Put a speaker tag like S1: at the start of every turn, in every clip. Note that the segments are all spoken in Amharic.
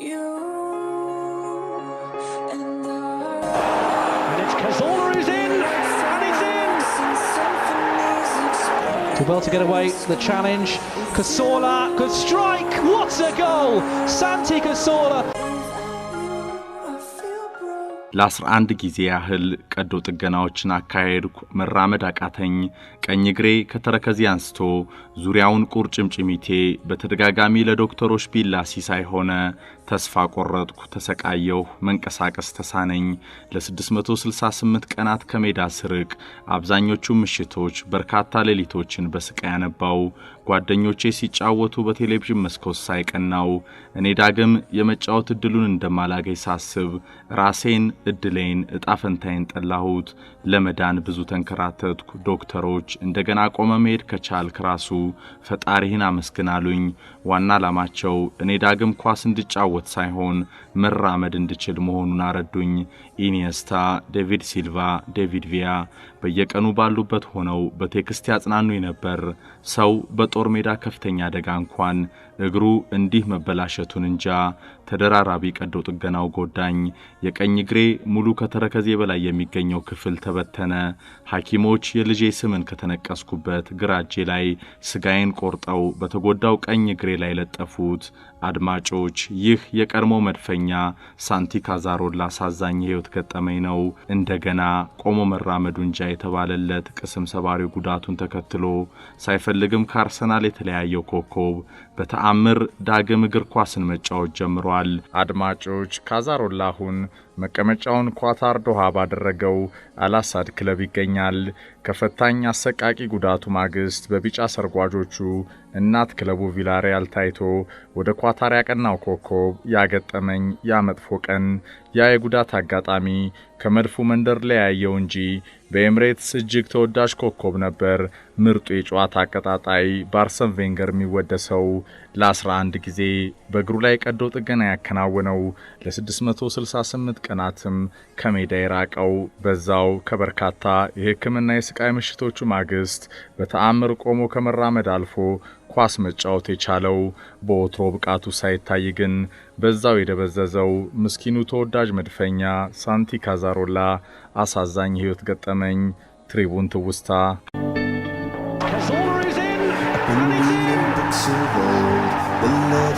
S1: And it's Cazorla who's in, and he's in! Too well to get away the challenge. Casola could strike. What a goal! Santi Casola. ለ11 ጊዜ ያህል ቀዶ ጥገናዎችን አካሄድኩ። መራመድ አቃተኝ። ቀኝ እግሬ ከተረከዜ አንስቶ ዙሪያውን ቁርጭምጭሚቴ። በተደጋጋሚ ለዶክተሮች ሲሳይ ሆነ። ተስፋ ቆረጥኩ። ተሰቃየሁ። መንቀሳቀስ ተሳነኝ። ለ668 ቀናት ከሜዳ ስርቅ፣ አብዛኞቹ ምሽቶች፣ በርካታ ሌሊቶችን በስቃይ ያነባው ጓደኞቼ ሲጫወቱ በቴሌቪዥን መስኮት ሳይቀናው እኔ ዳግም የመጫወት እድሉን እንደማላገኝ ሳስብ ራሴን፣ እድሌን፣ እጣፈንታይን ጠላሁት። ለመዳን ብዙ ተንከራተትኩ። ዶክተሮች እንደገና ቆመ መሄድ ከቻልክ ራሱ ፈጣሪህን አመስግናሉኝ። ዋና ዓላማቸው እኔ ዳግም ኳስ እንድጫወት ሳይሆን መራመድ እንድችል መሆኑን አረዱኝ። ኢኒየስታ፣ ዴቪድ ሲልቫ፣ ዴቪድ ቪያ በየቀኑ ባሉበት ሆነው በቴክስት ያጽናኑኝ ነበር። ሰው በጦ በጦር ሜዳ ከፍተኛ አደጋ እንኳን እግሩ እንዲህ መበላሸቱን እንጃ። ተደራራቢ ቀዶ ጥገናው ጎዳኝ። የቀኝ እግሬ ሙሉ ከተረከዜ በላይ የሚገኘው ክፍል ተበተነ። ሐኪሞች የልጄ ስምን ከተነቀስኩበት ግራ እጄ ላይ ስጋዬን ቆርጠው በተጎዳው ቀኝ እግሬ ላይ ለጠፉት። አድማጮች፣ ይህ የቀድሞ መድፈኛ ሳንቲ ካዛሮላ አሳዛኝ የሕይወት ገጠመኝ ነው። እንደገና ቆሞ መራመዱ እንጃ የተባለለት ቅስም ሰባሪው ጉዳቱን ተከትሎ ሳይፈልግም ካርሰናል ከአርሰናል የተለያየው ኮከብ በተአምር ዳግም እግር ኳስን መጫወት ጀምሯል። አድማጮች ካዛሮላሁን መቀመጫውን ኳታር ዶሃ ባደረገው አላሳድ ክለብ ይገኛል። ከፈታኝ አሰቃቂ ጉዳቱ ማግስት በቢጫ ሰርጓጆቹ እናት ክለቡ ቪላሪያል ታይቶ ወደ ኳታር ያቀናው ኮከብ ያገጠመኝ ያመጥፎ ቀን ያ የጉዳት አጋጣሚ ከመድፉ መንደር ለያየው እንጂ በኤምሬትስ እጅግ ተወዳጅ ኮከብ ነበር። ምርጡ የጨዋታ አቀጣጣይ በአርሰን ቬንገር የሚወደሰው ለ11 ጊዜ በእግሩ ላይ ቀዶ ጥገና ያከናወነው ለ668 ቀናትም ከሜዳ የራቀው በዛው ከበርካታ የሕክምና የስቃይ ምሽቶቹ ማግስት በተአምር ቆሞ ከመራመድ አልፎ ኳስ መጫወት የቻለው በወትሮ ብቃቱ ሳይታይ ግን በዛው የደበዘዘው ምስኪኑ ተወዳጅ መድፈኛ ሳንቲ ካዛሮላ አሳዛኝ ሕይወት ገጠመኝ ትሪቡን ትውስታ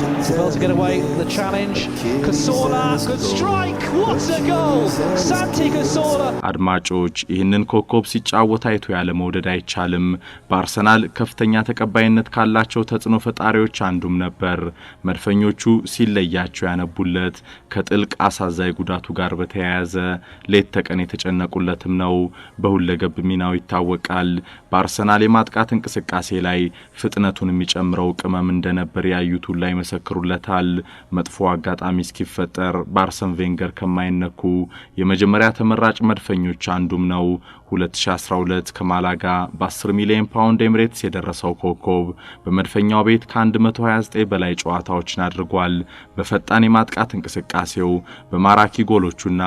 S1: Well to get away the challenge. Casola, good strike. What a goal. Santi Casola. አድማጮች ይህንን ኮከብ ሲጫወት አይቶ ያለ መውደድ አይቻልም። በአርሰናል ከፍተኛ ተቀባይነት ካላቸው ተጽዕኖ ፈጣሪዎች አንዱም ነበር። መድፈኞቹ ሲለያቸው ያነቡለት ከጥልቅ አሳዛኝ ጉዳቱ ጋር በተያያዘ ሌት ተቀን የተጨነቁለትም ነው። በሁለገብ ሚናው ይታወቃል። በአርሰናል የማጥቃት እንቅስቃሴ ላይ ፍጥነቱን የሚጨምረው ቅመም እንደነበር ያዩት ሁላ ይመሰክሩለታል። መጥፎ አጋጣሚ እስኪፈጠር በአርሰን ቬንገር ከማይነኩ የመጀመሪያ ተመራጭ መድፈኞች አንዱም ነው። 2012 ከማላጋ በ10 ሚሊዮን ፓውንድ ኤምሬትስ የደረሰው ኮከብ በመድፈኛው ቤት ከ129 በላይ ጨዋታዎችን አድርጓል። በፈጣን የማጥቃት እንቅስቃሴው በማራኪ ጎሎቹና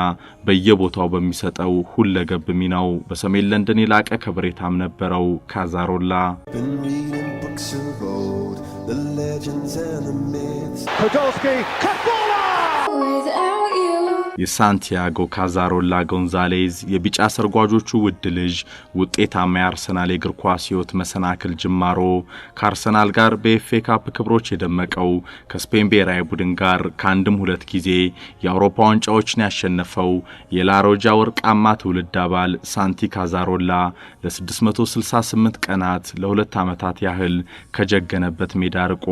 S1: በየቦታው በሚሰጠው ሁለገብ ሚናው በሰሜን ለንደን የላቀ ከበሬታም ነበረው ካዛሮላ the legends and the myths. Podolski, Kapola! የሳንቲያጎ ካዛሮላ ጎንዛሌዝ የቢጫ ሰርጓጆቹ ውድ ልጅ ውጤታማ የአርሰናል የእግር ኳስ ህይወት መሰናክል ጅማሮ ከአርሰናል ጋር በኤፌ ካፕ ክብሮች የደመቀው ከስፔን ብሔራዊ ቡድን ጋር ከአንድም ሁለት ጊዜ የአውሮፓ ዋንጫዎችን ያሸነፈው የላሮጃ ወርቃማ ትውልድ አባል ሳንቲ ካዛሮላ ለ668 ቀናት ለሁለት ዓመታት ያህል ከጀገነበት ሜዳ ርቆ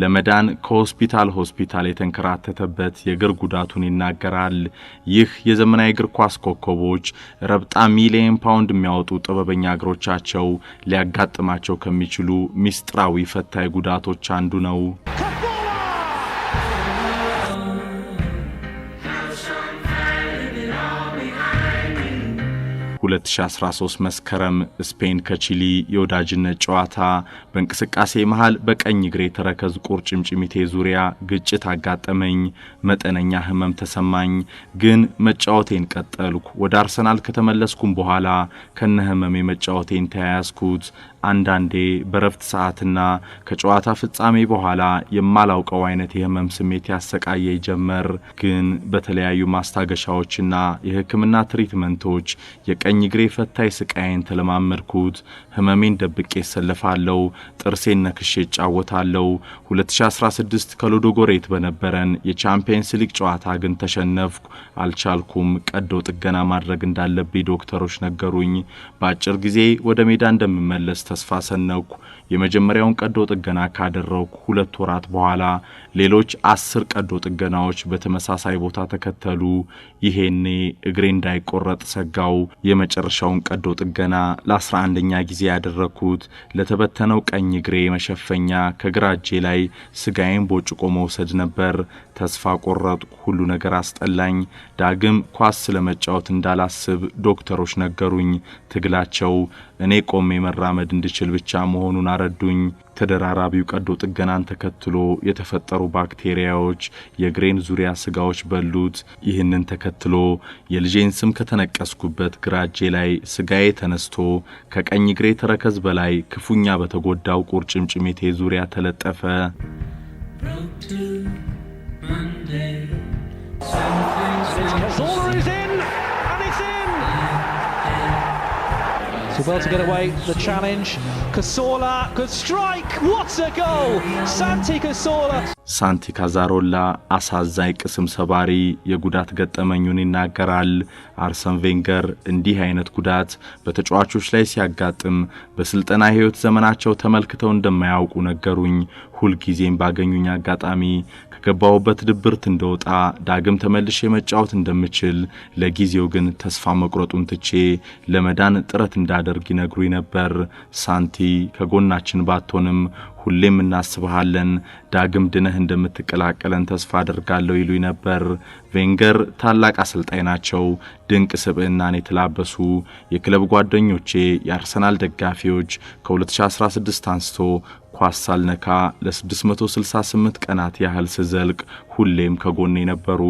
S1: ለመዳን ከሆስፒታል ሆስፒታል የተንከራተተበት የእግር ጉዳቱን ይናገራል። ይገኛል። ይህ የዘመናዊ እግር ኳስ ኮከቦች ረብጣ ሚሊየን ፓውንድ የሚያወጡ ጥበበኛ እግሮቻቸው ሊያጋጥማቸው ከሚችሉ ሚስጥራዊ ፈታኝ ጉዳቶች አንዱ ነው። 2013 መስከረም ስፔን ከቺሊ የወዳጅነት ጨዋታ በእንቅስቃሴ መሃል በቀኝ እግሬ ተረከዝ ቁርጭምጭሚቴ ዙሪያ ግጭት አጋጠመኝ። መጠነኛ ህመም ተሰማኝ፣ ግን መጫወቴን ቀጠልኩ። ወደ አርሰናል ከተመለስኩም በኋላ ከነ ህመሜ መጫወቴን ተያያዝኩት። አንዳንዴ በረፍት ሰዓትና ከጨዋታ ፍጻሜ በኋላ የማላውቀው አይነት የህመም ስሜት ያሰቃየኝ ጀመር። ግን በተለያዩ ማስታገሻዎችና የህክምና ትሪትመንቶች የቀኝ እግሬ ፈታኝ ስቃዬን ተለማመድኩት። ህመሜን ደብቄ እሰልፋለሁ፣ ጥርሴን ነክሼ እጫወታለሁ። 2016 ጎሬት በነበረን የቻምፒየንስ ሊግ ጨዋታ ግን ተሸነፍኩ። አልቻልኩም። ቀዶ ጥገና ማድረግ እንዳለብኝ ዶክተሮች ነገሩኝ። በአጭር ጊዜ ወደ ሜዳ እንደምመለስ ተስፋ ሰነኩ። የመጀመሪያውን ቀዶ ጥገና ካደረኩ ሁለት ወራት በኋላ ሌሎች አስር ቀዶ ጥገናዎች በተመሳሳይ ቦታ ተከተሉ። ይሄኔ እግሬ እንዳይቆረጥ ሰጋው። የመጨረሻውን ቀዶ ጥገና ለ11ኛ ጊዜ ያደረኩት ለተበተነው ቀኝ እግሬ መሸፈኛ ከግራ እጄ ላይ ስጋዬን ቦጭቆ መውሰድ ነበር። ተስፋ ቆረጥኩ። ሁሉ ነገር አስጠላኝ። ዳግም ኳስ ስለመጫወት እንዳላስብ ዶክተሮች ነገሩኝ። ትግላቸው እኔ ቆሜ መራመድ እንድችል ብቻ መሆኑን ረዱኝ ተደራራቢው ቀዶ ጥገናን ተከትሎ የተፈጠሩ ባክቴሪያዎች የግሬን ዙሪያ ስጋዎች በሉት። ይህንን ተከትሎ የልጄን ስም ከተነቀስኩበት ግራ እጄ ላይ ስጋዬ ተነስቶ ከቀኝ ግሬ ተረከዝ በላይ ክፉኛ በተጎዳው ቁርጭምጭሚቴ ዙሪያ ተለጠፈ። So well to get away the challenge. Casola, good strike. What a goal! Santi Casola. ሳንቲ ካዛሮላ አሳዛኝ ቅስም ሰባሪ የጉዳት ገጠመኙን ይናገራል። አርሰን ቬንገር እንዲህ አይነት ጉዳት በተጫዋቾች ላይ ሲያጋጥም በስልጠና ህይወት ዘመናቸው ተመልክተው እንደማያውቁ ነገሩኝ። ሁልጊዜም ባገኙኝ አጋጣሚ ከገባውበት ድብርት እንደወጣ ዳግም ተመልሼ መጫወት እንደምችል፣ ለጊዜው ግን ተስፋ መቁረጡን ትቼ ለመዳን ጥረት እንዳደርግ ይነግሩኝ ነበር። ሳንቲ ከጎናችን ባትሆንም ሁሌም እናስብሃለን፣ ዳግም ድነህ እንደምትቀላቀለን ተስፋ አድርጋለሁ ይሉኝ ነበር። ቬንገር ታላቅ አሰልጣኝ ናቸው። ድንቅ ስብዕናን የተላበሱ የክለብ ጓደኞቼ፣ የአርሰናል ደጋፊዎች ከ2016 አንስቶ ኳስ ሳልነካ ለ668 ቀናት ያህል ስዘልቅ ሁሌም ከጎኔ ነበሩ።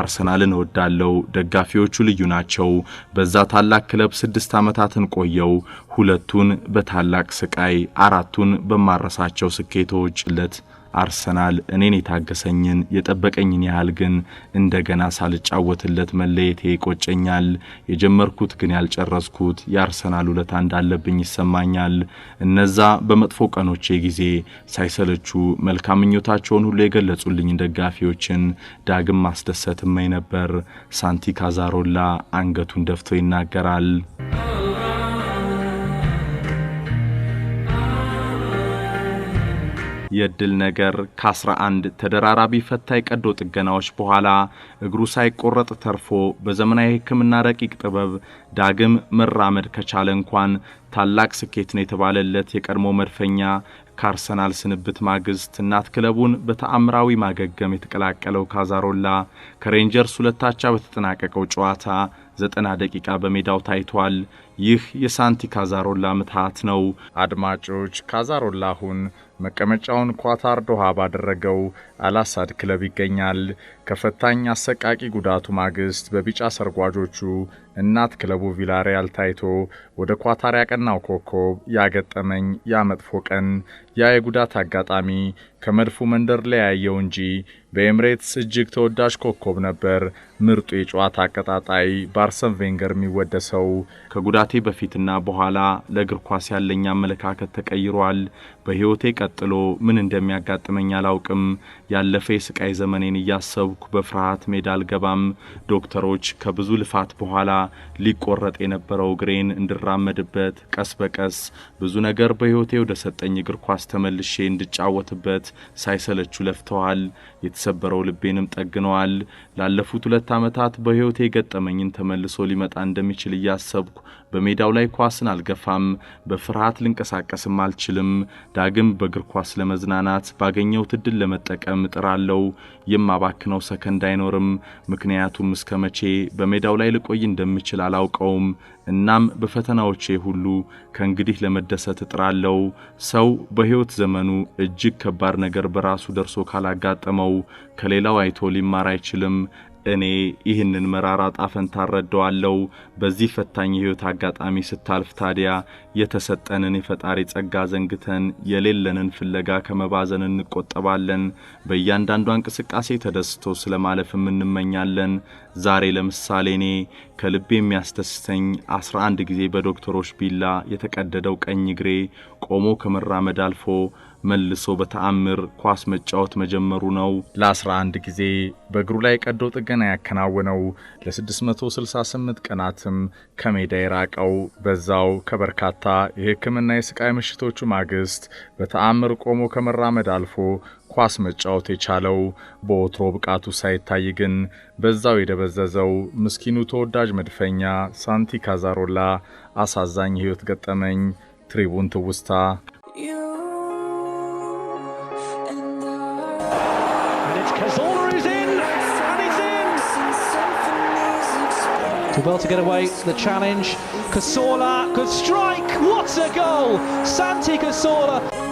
S1: አርሰናልን እወዳለው። ደጋፊዎቹ ልዩ ናቸው። በዛ ታላቅ ክለብ ስድስት ዓመታትን ቆየው። ሁለቱን በታላቅ ስቃይ፣ አራቱን በማረሳቸው ስኬቶች ለት አርሰናል እኔን የታገሰኝን የጠበቀኝን ያህል ግን እንደገና ሳልጫወትለት መለየቴ ይቆጨኛል። የጀመርኩት ግን ያልጨረስኩት የአርሰናል ውለታ እንዳለብኝ ይሰማኛል። እነዛ በመጥፎ ቀኖቼ ጊዜ ሳይሰለቹ መልካም ምኞታቸውን ሁሉ የገለጹልኝ ደጋፊዎችን ዳግም ማስደሰት ነበር። ሳንቲ ካዛሮላ አንገቱን ደፍቶ ይናገራል። የእድል ነገር ከ11 ተደራራቢ ፈታ ቀዶ ጥገናዎች በኋላ እግሩ ሳይቆረጥ ተርፎ በዘመናዊ ሕክምና ረቂቅ ጥበብ ዳግም መራመድ ከቻለ እንኳን ታላቅ ስኬት ነው የተባለለት የቀድሞ መድፈኛ ከአርሰናል ስንብት ማግስት እናት ክለቡን በተአምራዊ ማገገም የተቀላቀለው ካዛሮላ ከሬንጀርስ ሁለታቻ በተጠናቀቀው ጨዋታ ዘጠና ደቂቃ በሜዳው ታይቷል። ይህ የሳንቲ ካዛሮላ ምትሃት ነው። አድማጮች ካዛሮላ አሁን መቀመጫውን ኳታር ዶሃ ባደረገው አላሳድ ክለብ ይገኛል። ከፈታኝ አሰቃቂ ጉዳቱ ማግስት በቢጫ ሰርጓጆቹ እናት ክለቡ ቪላሪያል ታይቶ ወደ ኳታር ያቀናው ኮከብ ያገጠመኝ ያመጥፎ ቀን ያ የጉዳት አጋጣሚ ከመድፉ መንደር ለያየው እንጂ በኤምሬትስ እጅግ ተወዳጅ ኮከብ ነበር። ምርጡ የጨዋታ አቀጣጣይ በአርሰን ቬንገር የሚወደሰው ከጉዳቴ በፊትና በኋላ ለእግር ኳስ ያለኝ አመለካከት ተቀይሯል። በሕይወቴ ቀጥሎ ምን እንደሚያጋጥመኝ አላውቅም። ያለፈ የስቃይ ዘመኔን እያሰብኩ በፍርሃት ሜዳ አልገባም። ዶክተሮች ከብዙ ልፋት በኋላ ሊቆረጥ የነበረው እግሬን እንድራመድበት ቀስ በቀስ ብዙ ነገር በሕይወቴ ወደ ሰጠኝ እግር ኳስ ተመልሼ እንድጫወትበት ሳይሰለቹ ለፍተዋል። የተሰበረው ልቤንም ጠግነዋል። ላለፉት ሁለት ዓመታት በሕይወቴ የገጠመኝን ተመልሶ ሊመጣ እንደሚችል እያሰብኩ በሜዳው ላይ ኳስን አልገፋም። በፍርሃት ልንቀሳቀስም አልችልም። ዳግም በእግር ኳስ ለመዝናናት ባገኘሁት እድል ለመጠቀም እጥራለሁ። የማባክነው ሰከንድ አይኖርም፣ ምክንያቱም እስከ መቼ በሜዳው ላይ ልቆይ እንደምችል አላውቀውም። እናም በፈተናዎቼ ሁሉ ከእንግዲህ ለመደሰት እጥራለሁ። ሰው በሕይወት ዘመኑ እጅግ ከባድ ነገር በራሱ ደርሶ ካላጋጠመው ከሌላው አይቶ ሊማር አይችልም። እኔ ይህንን መራራ ጣፈን ታረደዋለው። በዚህ ፈታኝ የህይወት አጋጣሚ ስታልፍ ታዲያ የተሰጠንን የፈጣሪ ጸጋ ዘንግተን የሌለንን ፍለጋ ከመባዘን እንቆጠባለን። በእያንዳንዷ እንቅስቃሴ ተደስቶ ስለማለፍም እንመኛለን። ዛሬ ለምሳሌ እኔ ከልቤ የሚያስደስተኝ 11 ጊዜ በዶክተሮች ቢላ የተቀደደው ቀኝ እግሬ ቆሞ ከመራመድ አልፎ መልሶ በተአምር ኳስ መጫወት መጀመሩ ነው። ለ11 ጊዜ በእግሩ ላይ ቀዶ ጥገና ያከናወነው፣ ለ668 ቀናትም ከሜዳ የራቀው በዛው ከበርካታ የሕክምና የስቃይ ምሽቶቹ ማግስት በተአምር ቆሞ ከመራመድ አልፎ ኳስ መጫወት የቻለው በወትሮ ብቃቱ ሳይታይ ግን በዛው የደበዘዘው ምስኪኑ ተወዳጅ መድፈኛ ሳንቲ ካዛሮላ አሳዛኝ ህይወት ገጠመኝ ትሪቡን ትውስታ Cazorla is in, and it's in. Did well to get away the challenge. Casola, good strike. What a goal! Santi Casola?